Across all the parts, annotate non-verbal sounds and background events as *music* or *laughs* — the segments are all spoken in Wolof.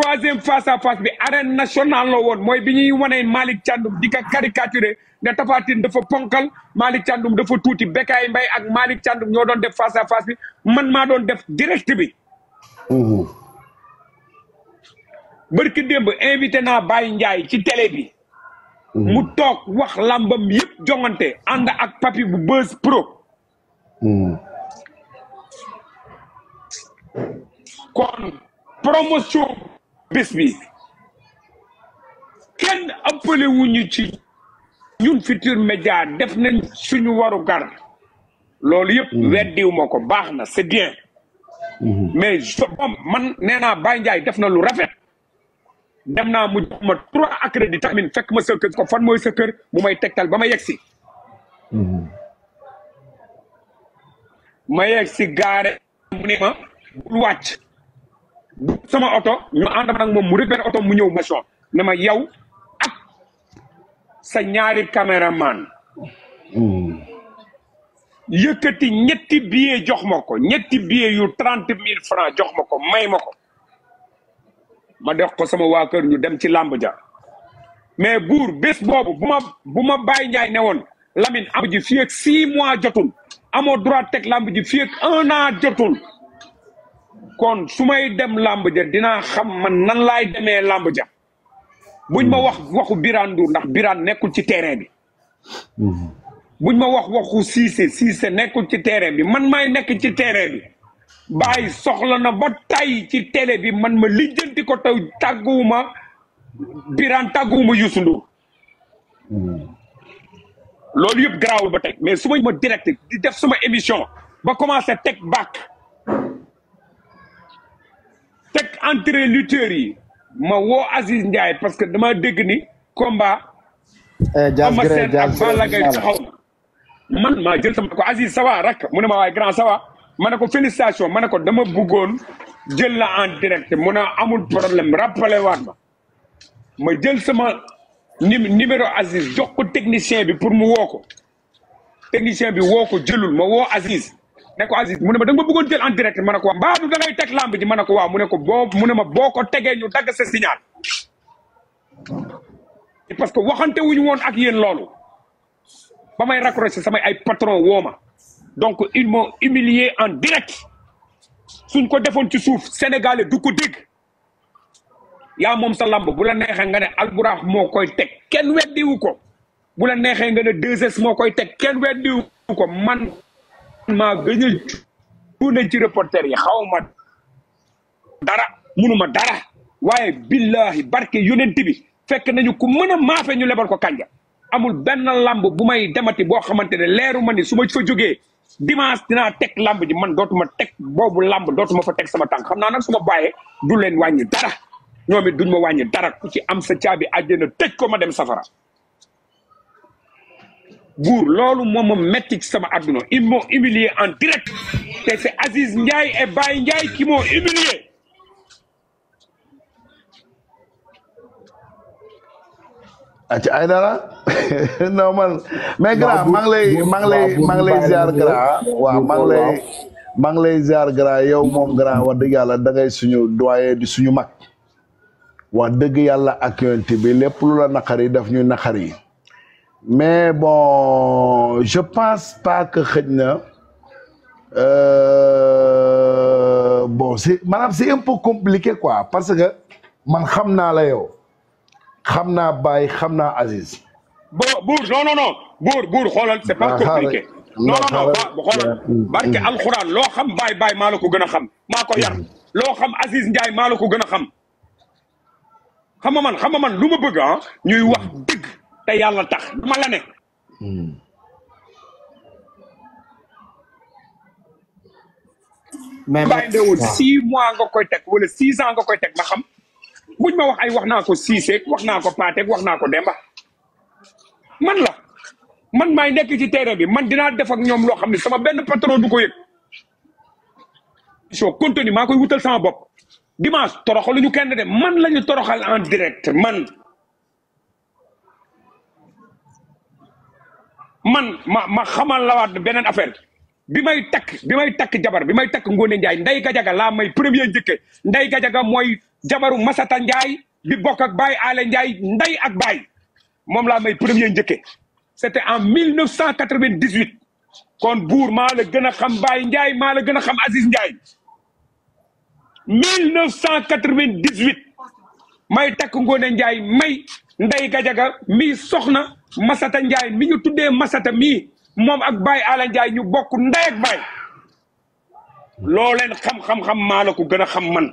troisième face à face bi arène nationale la woon mooy bi ñuy wane malik Thiandoum di ko caricaturé ne Tapha dafa ponkal Malick Thiandoum dafa tuuti Bécaye mbay ak Malick Thiandoum ñoo doon def face à bi man maa doon def direct bi. barki démb invité naa Baye Ndiaye ci télé bi. mu toog wax làmbam yëpp jongante ànd ak papi bu Buzz Pro. kon promotion. bés bi kenn appelé wuñu ci ñun Futurs Médias def na suñu waru gar loolu yëpp mm. weddiw ma ko baax na c'est bien mm-hmm. mais moom man nee naa Baye def na lu rafet dem naa mu jox ma trois accrédit tamit fekk ma sa ko fan mooy sa mu may tegtal ba ma yegg si mm-hmm. ma yegg si gaare mu ne ma bul wàcc sama oto ñu ànd ak moom mu repéré oto mu ñëw ma soog ne ma yow ak sa ñaari caméraman yëkkati ñetti billet jox ma ko ñetti billet yu trente mille franc jox ma ko may ma ko ma dox ko sama waa kër ñu dem ci làmb ja mais buur bés boobu bu ma bu ma bàyyi njaay ne woon Lamine am ji fii ak six mois jotul amoo droit teg làmb ji fii un an jotul kon su may dem làmb ja dinaa xam man nan laay demee làmb ja buñ ma wax waxu Birane Ndour ndax Birane nekkul ci terrain bi buñ ma wax waxu Cissé Cissé nekkul ci terrain bi man may nekk ci terrain bi bàyyi soxla na ba tay ci télé bi man ma lijjanti ko taw tàgguwuma Birane tàgguwuma Youssou Ndour loolu yëpp garaawul ba tey mais su ma ma direct di def suma émission ba commencé teg back teg entre lutteurs yi ma woo Aziz Ndiaye parce que dama dégg ni combat. Eh, Ama Sène ak Balla Gaye taxaw na man maa jël sama ko Aziz sawa rak mu ne ma waaye grand sawa ma ne ko félicitation ma ne ko dama bëggoon jël na en direct mu ne amul problème rappelé waat ma ma jël sama numéro Aziz jox ko technicien bi pour mu woo ko technicien bi woo ko jëlul ma woo Aziz ne ko Aziz mu ne ma da nga jël en direct ma ne ko waaw mbaa du da ngay teg lamb ji ma ne ko waaw mu ne ko boo mu ne ma boo ko tegee ñu dagg sa signal parce que waxante wuñu woon ak yéen loolu ba may raccroché samay ay patron wooma donc ils m'ont humilié en direct suñ ko defoon ci suuf sénégalais du ko dégg yaa moom sa làmb bu la neexee nga ne alburax moo koy teg kenn weddiwu ko bu la neexee nga ne 2 moo koy teg kenn weddiwu ko man maa gën a cuune ci reporter yi xaw ma dara munuma dara waaye billahi barke yonent bi fekk nañu ku mën a maafe ñu lebal ko kànja amul benn làmb bu may demati boo xamante ne leeru ma ni su ma fa jógee dimanche dinaa teg làmb ji man dootuma teg boobu làmb dootuma fa teg sama tànk xam naa nag suma ma bàyyee du leen wàññi dara ñoom it duñ ma wàññi dara ku ci am sa caabi àjjana tëj ko ma dem safara buur loolu moom ma metti sama adduna ils m'ont humilié en direct te c'est Aziz Ndiaye et Baye Ndiaye qui m'ont aci ay dara non man mais grand maa ngi lay maa ngi waaw maa maa ngi lay ziar grand yow moom grand wax dëgg yàlla da suñu doyen di suñu mag wax dëgg yàlla ak yonent bi lépp lu la naqari daf ñuy naqari mais bon je pense pas que xëj na euh, bon c'est maanaam c'est un peu compliqué quoi parce que man xam naa la yow xam naa Baye xam naa Aziz. bon buur non non non buur buur xoolal c'est pas ah, ah, compliqué. Ah, non non non loo xam Baye Baye maa la ko gën a xam maa ko yar xam Aziz Ndiaye maa la ko gën a xam xam man xam man lu wax dëgg te yàlla tax dama la ne hmm. mais bàyyi ndewoon six mois nga koy teg wala six ans nga koy teg ma xam buñ ma wax ay wax naa ko siiseeg wax naa ko paateeg wax naa ko demba man la man maay nekk ci terrain bi man dinaa defak ñoom loo xam ne sama benn patron du ko yëg so contenu maa koy wutal sama bopp dimanche ñu kenn de man la ñu toroxal en direct man man ma ma xamal la waat beneen affaire bi may takk bi may takk jabar bi may takk Ngoné Ndiaye Ndeye Gadiaga la may premier njëkke Ndeye Gadiaga mooy jabaru Masata Ndiaye bi bokk ak Baye Alé Ndiaye Ndeye ak Baye moom laa may premier njëkke c'était en 1998 kon buur maa la gën a xam Baye Ndiaye maa la gën a xam Aziz Ndiaye 1998 may takk Ngoné Ndiaye may Ndeye Gadiaga mi soxna Masata Ndiaye mi ñu tuddee Masata mi moom ak Baye Ala Ndiaye ñu bokk ndey ak baay loo xam-xam-xam maa la ko gën a xam man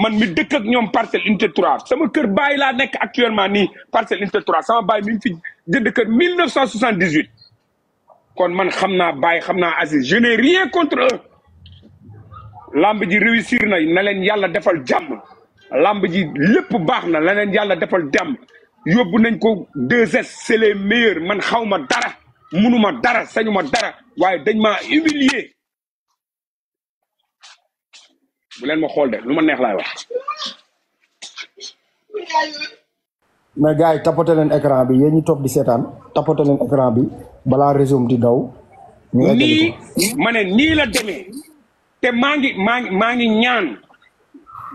man mi dëkk ak ñoom parcelle unité 3 sama kër baay laa nekk actuellement nii parcelle unité 3 sama baay mi ngi fi jënd kër 1978 kon man xam naa baay xam naa Aziz je n'ai rien contre eux lamb ji réussir na na leen yàlla defal jàmm làmb ji lépp baax na la leen yàlla defal jàmm yóbbu nañ ko 2S c'est les meilleurs man xaw ma dara munuma dara sañu ma dara waaye dañ ma humilier bu leen ma xool de lu ma neex laay wax. mais yi tapote leen écran bi yéen ñu toog di seetaan tapote leen écran bi balaa résume di daw. nii ma ne nii la te maa ngi maa maa ngi ñaan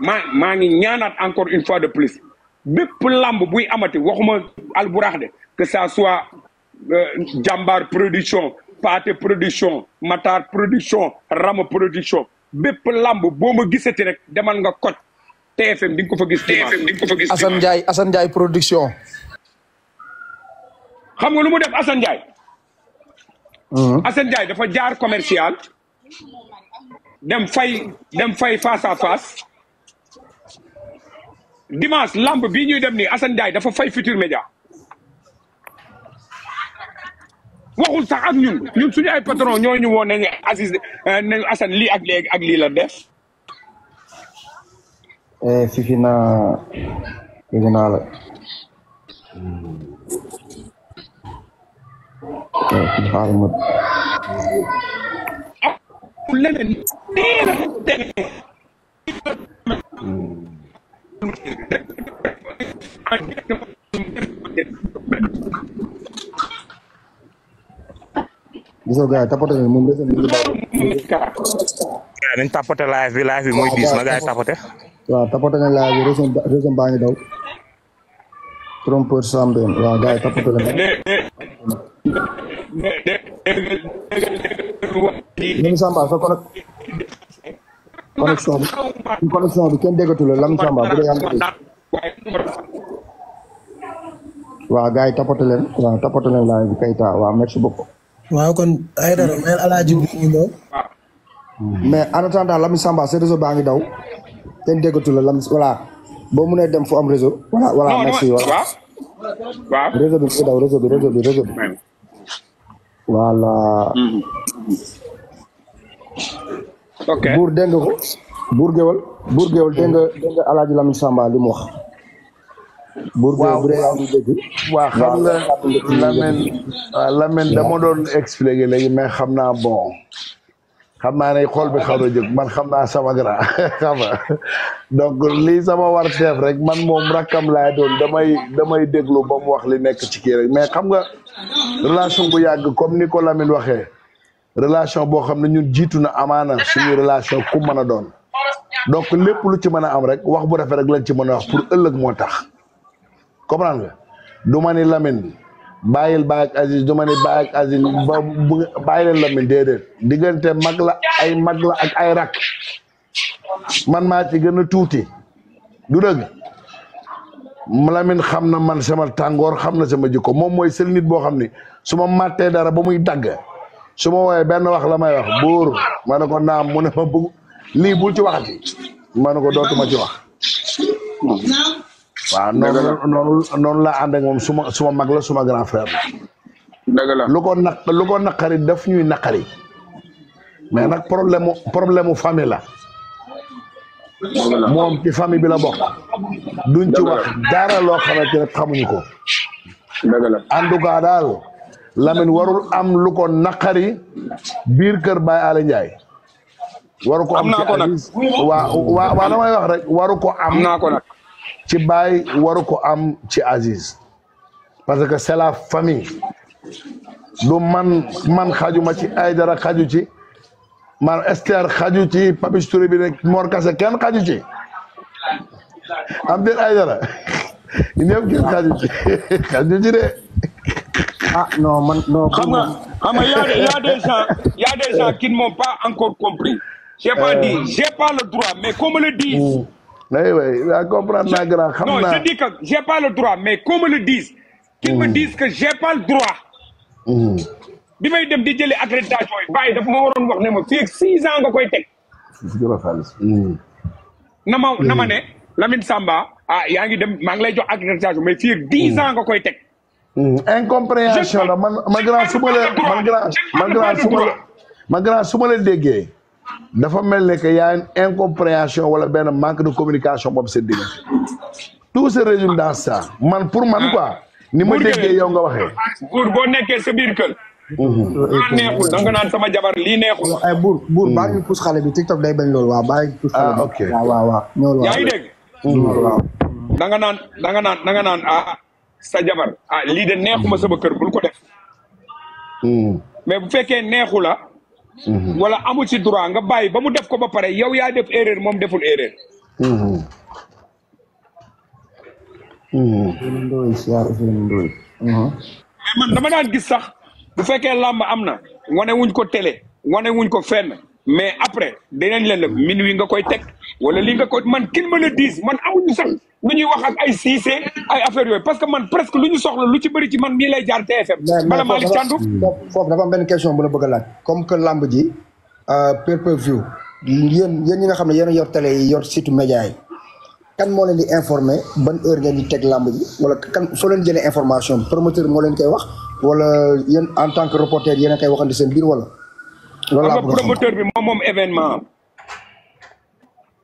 maa maa ngi ñaanaat encore une fois de plus. bépp làmb buy amati waxuma alburax de que ça soit euh, jàmbaar production Paate production Matar production Rama production bépp làmb boo ma gisati rek demal nga koj TFM di nga ko fa gis. TFM di nga Ndiaye Assane Ndiaye production. xam nga lu mu def mhm. Assane Ndiaye. dafa jaar commercial. dem fay dem fay face à face. dimanche lamb bii ñuy dem nii Assane Ndiaye dafa fay Futur Média waxul sax ak ñun ñun suñu patron ñooñu woon nañu Aziz eh, nañu Assane lii ak lii ak lii la def. Eh, fifi naa dégg naa la. Eh, leneen gisoo gars yi tapote na moom desee mu dañ tapote live bi live bi mooy diis na gars yi tapote waaw tapote na live bi région région ngi daw trompeur sambeen waaw gars yi tapote na ñu ngi samba sa connexion bi connexion bi kenn déggatu la Lam Samba bu dee am waaw tapote leen waaw tapote leen laay bi Kayta waaw merci beaucoup. waaw kon ay dara mel alaaji bi ñu ñëw. mais Samba sa réseau baa ngi daw kenn déggatu la Lam voilà boo mënee dem fu am réseau. voilà voilà merci voilà. réseau bi daw réseau bi réseau bi réseau mm-hmm. ok buur dégg nga ko buur géwal buur géwal dégg nga dégg nga alaaji mu wax buur géwal bu dee yaa ngi dégg waaw xam nga doon expliqué léegi mais xam naa bon xam naa ne xool bi xaw na jóg man xam naa sama grand *laughs* xam nga donc lii sama war teef rek man moom rakkam laay doon damay damay déglu ba mu wax li nekk ci kii rek mais xam nga relation bu yàgg comme ni ko Lamine waxee relation boo xam ne ñun jiitu na amaana suñu relation ku mën a doon donc lépp lu ci mën a am rek wax bu rafet rek lañ ci mën a wax pour ëllëg moo tax comprendre nga du ma ni Lamine bàyyil Baye ak Aziz du ma ni Baye ak Aziz ba bàyyi diggante mag la ay mag la ak ay rak man maa ci gën a tuuti du dëgg Lamine xam na man sama tàngoor xam na sama jikko moom mooy sel boo xam ni suma ma màttee dara ba muy dagg su ma woowee benn wax la may wax buur ma ne ko naam mu ne fa bug lii bul ci waxati ma ne ko dootuma ci wax waaw noonu noonu laa ànd ak suma suma mag la suma grand frère la lu ko naq lu naqari daf ñuy naqari mais nag problème problème mu famille la moom ci famille bi la bokk duñ ci wax dara loo xamante ne xamuñu ko en tout daal Lamine warul am lu ko naqari biir kër Baye Alé Ndiaye. ko am ci Aziz wax rek waru ko am. naa ko nag ci Baye waru ko am ci Aziz. parce que c'est la famille. du man man xajuma ci Aydara xaju ci man Esther xaju ci Papis bi rek Mor Kase kenn xaju ci am déet Aydara *laughs* ñëpp kenn xaju ci *laughs* xaju ci de. ah non man non. xam nga xam a y' a des gens y' a des gens qui ne m'ont pas encore compris. j'ai pas euh. le droit mais qu'on le dise. oui oui la comprendre xam naa non je dis que j'ai pas le droit mais qu'on me le dise. qu'ils me disent que j'ai pas le droit. bi may dem di jëlee accréditation yi bàyyi dafa ma waroon wax ne ma fii ak six ans nga koy teg. na ma na ma ne Lamine Samba ah yaa ngi dem maa ngi lay jox accréditation mais fii ak dix ans nga koy teg. man ma grand su ma la man grand ma grand su ma ma grand su ma déggee dafa mel ne que y incompréhension wala benn manque de communication boobu seen diggante tout se résume dans man pour man quoi ni ma déggee yow nga waxee buur boo nekkee sa biir kër mm-hmm. neexul da nga naan sama jabar lii neexul ay buur buur baa ngi mm-hmm. pousse xale bi TikTok day bañ loolu waaw baa ngi pousse xale bi ah ok waaw waaw waaw waaw yaa ngi dégg da nga naan da nga naan da sa jabar ah lii de neexuma sama kër bul ko def hmm. mais bu fekkee neexu la hmm. wala amu ci droit nga bàyyi ba mu def ko ba pare yow yaa def erreur moom deful erreur hmm. mais man dama daan gis sax bu fekkee làmb am na wane wuñ ko télé wane wuñ ko fenn mais après dinañ leen la min wi nga koy teg wala lii nga koy man kin ma la diis man aw sax nu ñuy wax ak ay Cissé ay affaire yooyu parce que man presque lu ñu soxla lu ci bëri ci man mii lay jaar TFM. bala Malick Thiandou foofu dafa am question bu la bëgg a laaj comme que lamb ji euh, pay yéen yéen ñi nga xam ne yéen a yor télé yi yor site média yi kan moo leen di informé ban heure ngeen di teg lamb ji wala kan soo leen jëlee information promoteur moo leen koy wax wala yéen en tant que reporter yéen a koy waxante seen biir wala. loolu laa promoteur bi moom moom événement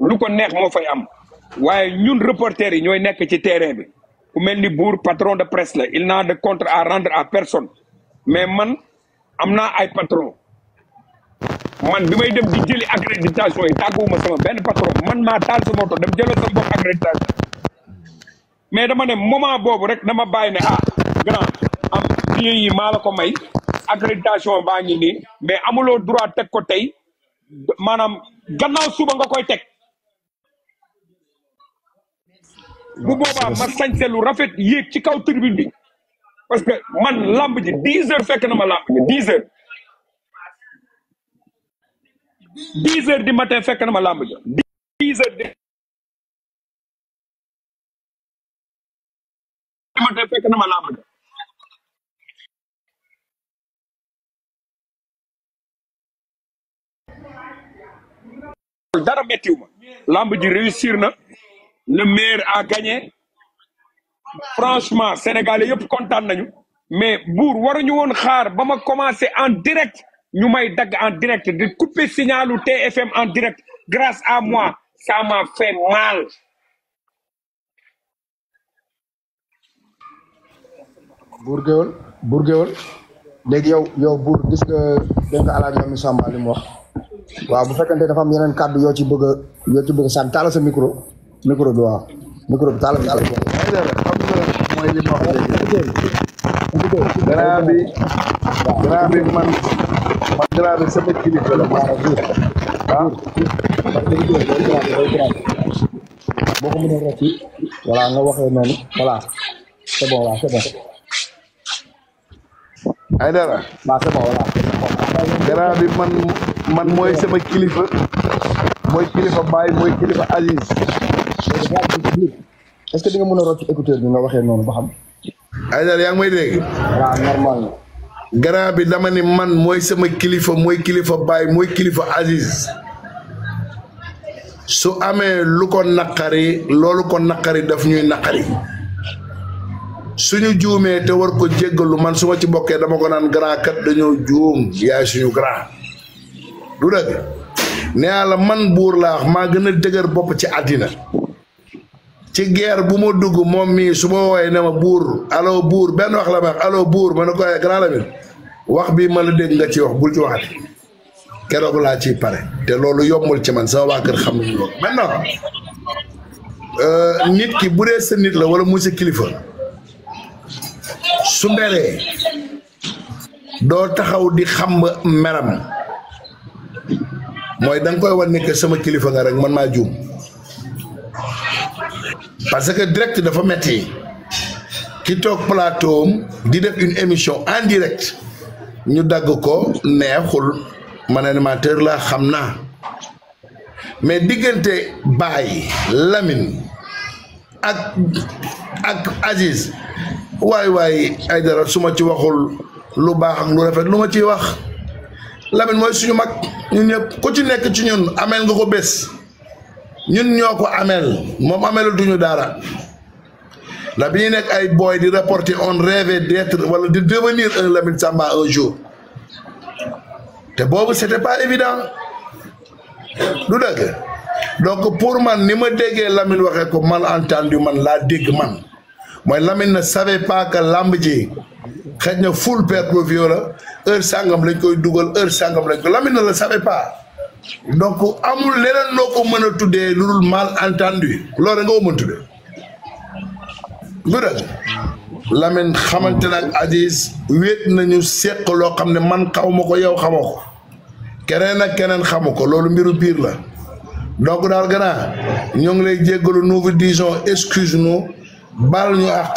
lu ko neex moo fay am. waaye ñun reporters yi ñooy nekk ci terrain bi ku mel ni buur patron de presse la il n'a de contre à rendre à personne mais man am naa ay patron man bi may dem di jëli accréditation yi tàgguwuma sama benn patron man maa taal sama moto dem jëlal sama bopp accréditation mais dama ne moment boobu rek dama bàyyi ne ah grand am billet yi maa la ko may accréditation baa ngi nii mais amuloo droit teg ko tey maanaam gannaaw suba nga koy teg bu boobaa ma sañse rafet yéeg ci kaw tribune bi parce que man làmb ji dix fekk na ma lamb ji dix heures di heures du matin fekk na ma lamb ji dix heures du matin fekk na ma lamb ji dara méttiwu ma làmb ji réussir na le maire a gagné franchement sénégalais yëpp kontaan nañu mais buur waruñu woon xaar ba ma commencé en direct ñu may dagg en direct di couper signalu TFM en direct grâce à moi ça m'a fait mal buur géwël buur géwël léegi yow yow buur gis nga dégg nga alaaj Mami li mu wax waaw bu fekkante dafa am yeneen kàddu yoo ci bëgg a yoo ci bëgg a sànni sa micro micro bi waaw micro bi taalal taalal mooy li ma wax ay dara waaw man mooy sama kilifa mooy kilifa Baye mooy kilifa Aziz est-ce mën a bi nga waxee noonu ba xam. Aïdara yaa may dégg. grand bi dama ni man mooy sama kilifa mooy kilifa Baye mooy kilifa Aziz su amee lu ko naqari loolu ko naqari daf ñuy naqari suñu juumee te war ko jéggalu man suma ci bokkee dama ko naan grand kat dañoo juum yaay suñu grand du dëgg nee man buur laax maa gën a dëgër bopp ci àddina ci guerre bu ma dugg moom mii su ma woowee ne ma buur allo buur benn wax la ma allo buur ma ne ko grand Lamine wax bi ma la dégg nga ci wax bul ci waxati keroog laa ciy pare te loolu yombul ci man sama waa kër xam nañu loolu maintenant euh, nit bu dee sa la wala mu kilifa su meree doo taxaw di xam meram mooy dang nga koy wan ne sama kilifa nga rek man maa juum. parce que direct dafa metti ki toog plateau di def une émission en direct ñu dagg ko neexul man animateur xam naa mais diggante Baye Lamine ak ak Aziz waay waay ay dara suma ci waxul lu baax ak lu rafet lu ma ciy wax lamin mooy suñu mag ñun ñëpp ku ci nekk ci ñun ameel nga ko bés. ñun ñoo ko ameel moom ameelu duñu daara la bi ñuy nekk ay booy di rapporter on rêvait d'être wala di devenir un Lamine Samba un jour te boobu c'était pas évident du dëgg donc pour man ni ma déggee Lamine waxee ko man mal entendu man laa dégg man mooy Lamine ne savait pas lamb ji xëj na full perte la heure sangam lañ koy dugal heure sangom lañ ko Lamine ne le savait donc amul leneen noo ko mën a tuddee lu dul mal entendu loolu nga ko mën tuddee bu dëgg Lamine xamante na ak wéet nañu seq loo xam ne man xaw ma ko yow xamoo ko keneen ak keneen xamu ko loolu mbiru biir la donc daal gannaaw ñoo ngi lay jéggalu nous vous disons excuse nous baal ñu àq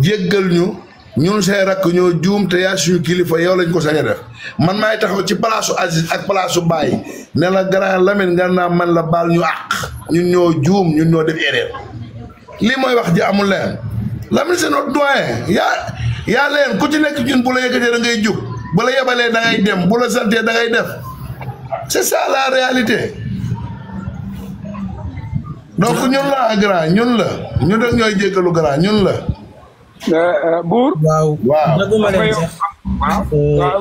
jéggal ñu ñun say rakk ñoo juum te yaa suñu kilifa yow lañ ko sañ def man maay taxaw ci palaasu Aziz ak palaasu Baye ne la grand Lamine nga naa man la baal ñu àq ñun ñoo juum ñun ñoo def erreur lii mooy wax ji amul leen Lamine c'est notre doyen yaa yaa leen ku ci nekk ñun bu la yëkkatee ngay jug bu la yebalee da ngay dem bu la santee da def c'est ça la réalité donc ñun la grand ñun la ñu def ñooy jéggalu grand ñun la buur waaw waaw euh,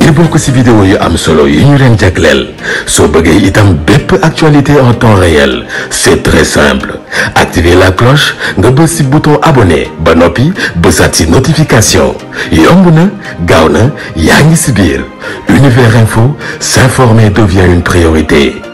ngir bokk vidéo yu am solo yu ñu leen jagleel soo bëggee itam bépp actualité en temps réel c'est très simple activer la cloche nga bës ci bouton abonné ba noppi bësaat ci notification yomb na gaaw na yaa ngi info s'informer devient une priorité